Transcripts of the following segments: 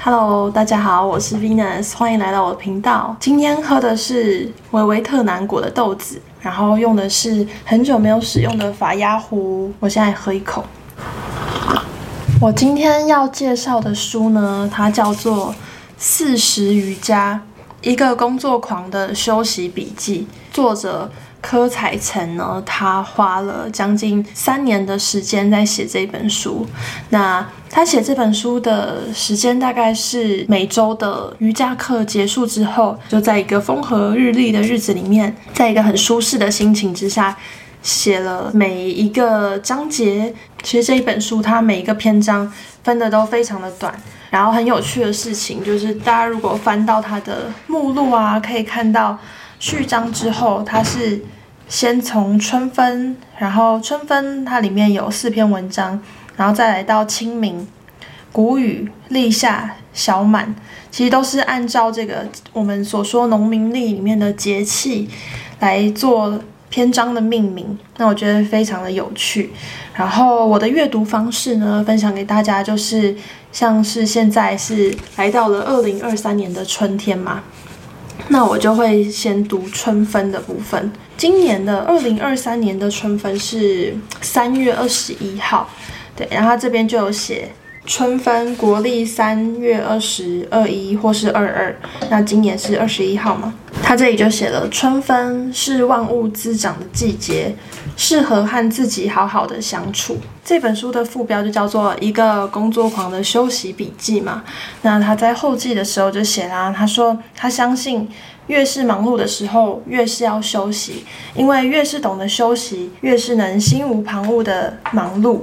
Hello，大家好，我是 Venus，歡迎來到我的頻道。今天喝的是維維特南果的豆子。然後用的是很久沒有使用的法壓壺，我現在喝一口。我今天要介紹的書呢，它叫做《四時瑜伽：一個工作狂的休息筆記》，作者，柯采岑呢，他花了將近三年的時間在寫這本書。那他寫這本書的時間大概是每周的瑜伽課結束之後，就在一個風和日麗的日子裡面，在一個很舒適的心情之下，寫了每一個章節。其實這一本書，它每一個篇章分得都非常的短。然後很有趣的事情就是，大家如果翻到它的目錄啊，可以看到。序章之後，它是先從春分，然後春分它裡面有四篇文章，然後再來到清明、穀雨、立夏、小滿，其實都是按照這個我們所說農民曆裡面的節氣來做篇章的命名。那我覺得非常的有趣。然後我的閱讀方式呢，分享給大家就是，像是現在是來到了二零二三年的春天嘛。那我就會先讀春分的部分。今年的二零二三年的春分是三月二十一號，對。然後他這邊就有寫春分，國曆三月二十、二十一或是二二。那今年是二十一號嗎？他這裡就寫了，春分是萬物滋長的季節，適合和自己好好的相處。這本書的副標就叫做《一個工作狂的休息筆記》嘛。那他在後記的時候就寫啦、啊，他說他相信，越是忙碌的時候，越是要休息，因為越是懂得休息，越是能心無旁騖的忙碌。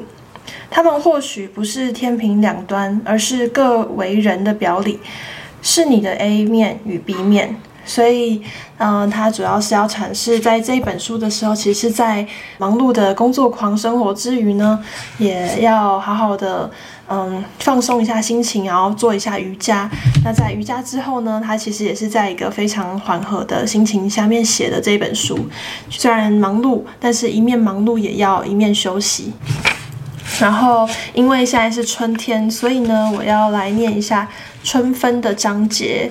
他們或許不是天平兩端，而是各為人的表裡，是你的 A 面與 B 面。所以，嗯，他主要是要闡釋，在這一本書的時候，其實，在忙碌的工作狂生活之餘呢，也要好好的，嗯，放鬆一下心情，然後做一下瑜伽。那在瑜伽之後呢，他其實也是在一個非常緩和的心情下面寫的這本書。雖然忙碌，但是一面忙碌也要一面休息。然後，因為現在是春天，所以呢，我要來念一下春分的章節。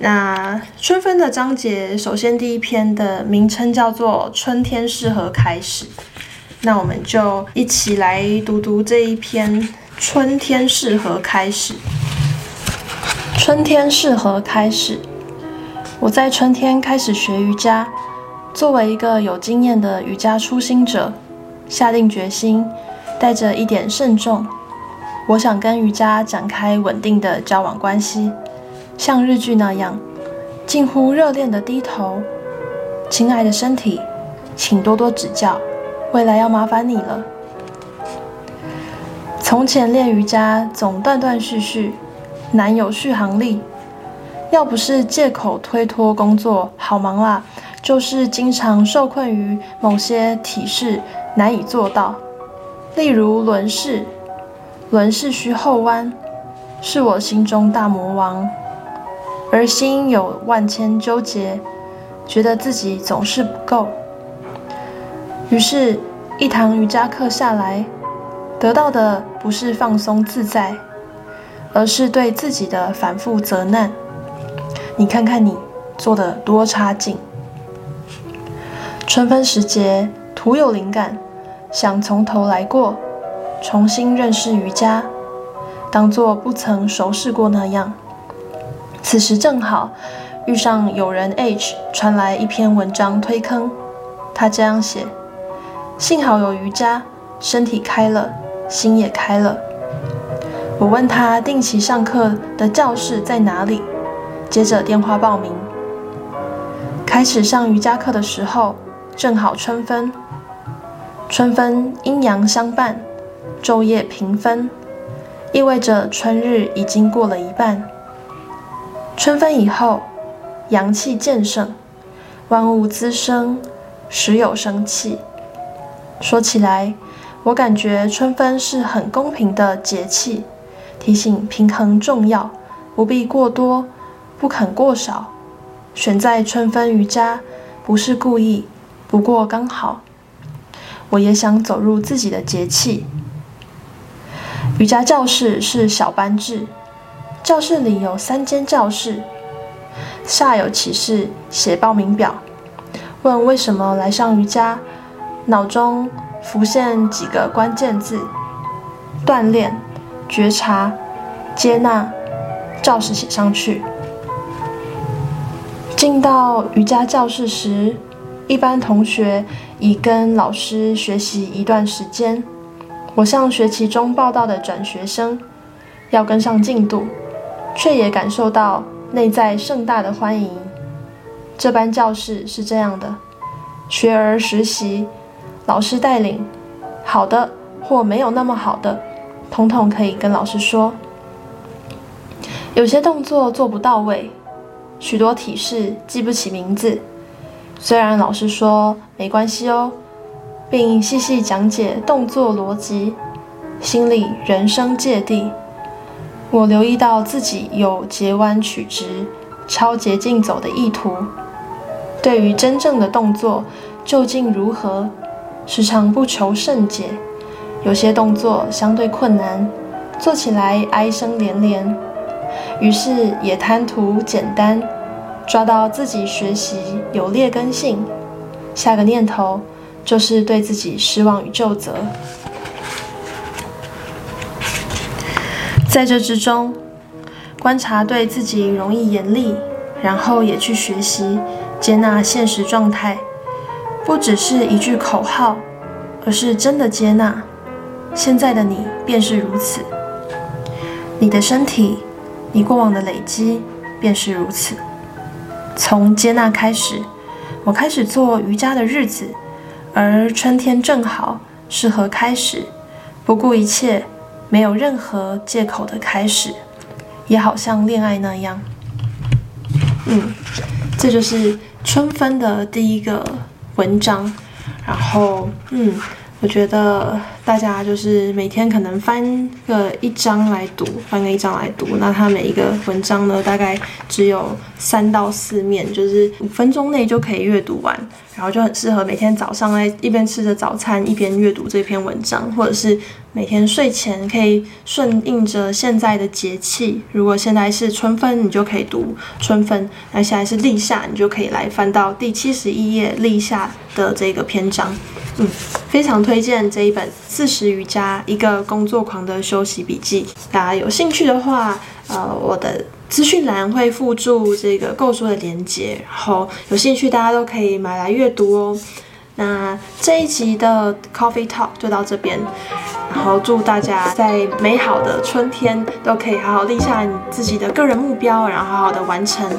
那春分的章節，首先第一篇的名稱叫做《春天適合開始》，那我們就一起來讀讀這一篇《春天適合開始》。春天適合開始，我在春天開始學瑜伽，作為一個有經驗的瑜伽初心者，下定決心，帶着一點慎重，我想跟瑜伽展開穩定的交往關係。像日劇那樣，近乎熱戀的低頭，親愛的身體，請多多指教，未來要麻煩你了。從前練瑜伽總斷斷續續，難有續航力。要不是借口推脫工作好忙啦、啊，就是經常受困於某些體式難以做到，例如輪式。輪式需後彎，是我心中大魔王。而心有萬千糾結，覺得自己總是不夠。於是，一堂瑜伽課下來，得到的不是放鬆自在，而是對自己的反覆責難。你看看你做得多差勁！春分時節，徒有靈感，想從頭來過，重新認識瑜伽，當作不曾熟識過那樣。此時正好遇上友人 H 傳來一篇文章推坑，他這樣寫：幸好有瑜伽，身體開了，心也開了。我問他定期上課的教室在哪裡，接着電話報名。開始上瑜伽課的時候，正好春分。春分陰陽相伴，晝夜平分，意味着春日已經過了一半。春分以後，陽氣漸盛，萬物滋生，時有生氣。說起來，我感覺春分是很公平的節氣，提醒平衡重要，不必過多，不肯過少。選在春分瑜伽，不是故意，不過剛好。我也想走入自己的節氣。瑜伽教室是小班制。教室裡有三間教室，下有提示寫報名表，問為什麼來上瑜伽，腦中浮現幾個關鍵字：鍛鍊、覺察、接納，照實寫上去。進到瑜伽教室時，一般同學已跟老師學習一段時間，我像學期中報到的轉學生要跟上進度。卻也感受到內在盛大的歡迎。這班教室是這樣的：學而時習，老師帶領，好的或沒有那麼好的，統統可以跟老師說。有些動作做不到位，許多體式記不起名字，雖然老師說沒關係哦，並細細講解動作邏輯，心裡人生芥蒂。我留意到自己有截彎取直、抄捷徑走的意圖。對於真正的動作，究竟如何，時常不求甚解。有些動作相對困難，做起來唉聲連連。於是也貪圖簡單，抓到自己學習有劣根性。下個念頭就是對自己失望與咒責。在這之中，觀察對自己容易嚴厲，然後也去學習接納現實狀態，不只是一句口號，而是真的接納。現在的你便是如此，你的身體，你過往的累積便是如此。從接納開始，我開始做瑜伽的日子，而春天正好適合開始，不顧一切。沒有任何借口的開始，也好像戀愛那樣。嗯，這就是春分的第一個文章。然後，嗯，我覺得。大家就是每天可能翻個一章來讀，翻個一章來讀。那它每一個文章呢，大概只有三到四面，就是五分鐘內就可以閱讀完，然後就很適合每天早上來一邊吃着早餐一邊閱讀這篇文章，或者是每天睡前可以順應着現在的節氣，如果現在是春分，你就可以讀春分；那現在是立夏，你就可以來翻到第七十一頁立夏的這個篇章。嗯，非常推薦這一本。四時瑜伽，一個工作狂的休息筆記。大家有興趣的話，呃，我的資訊欄會附註這個購書的連接，然後有興趣大家都可以買來閱讀哦。那這一集的 Coffee Talk 就到這邊，然後祝大家在美好的春天都可以好好立下你自己的個人目標，然後好好的完成。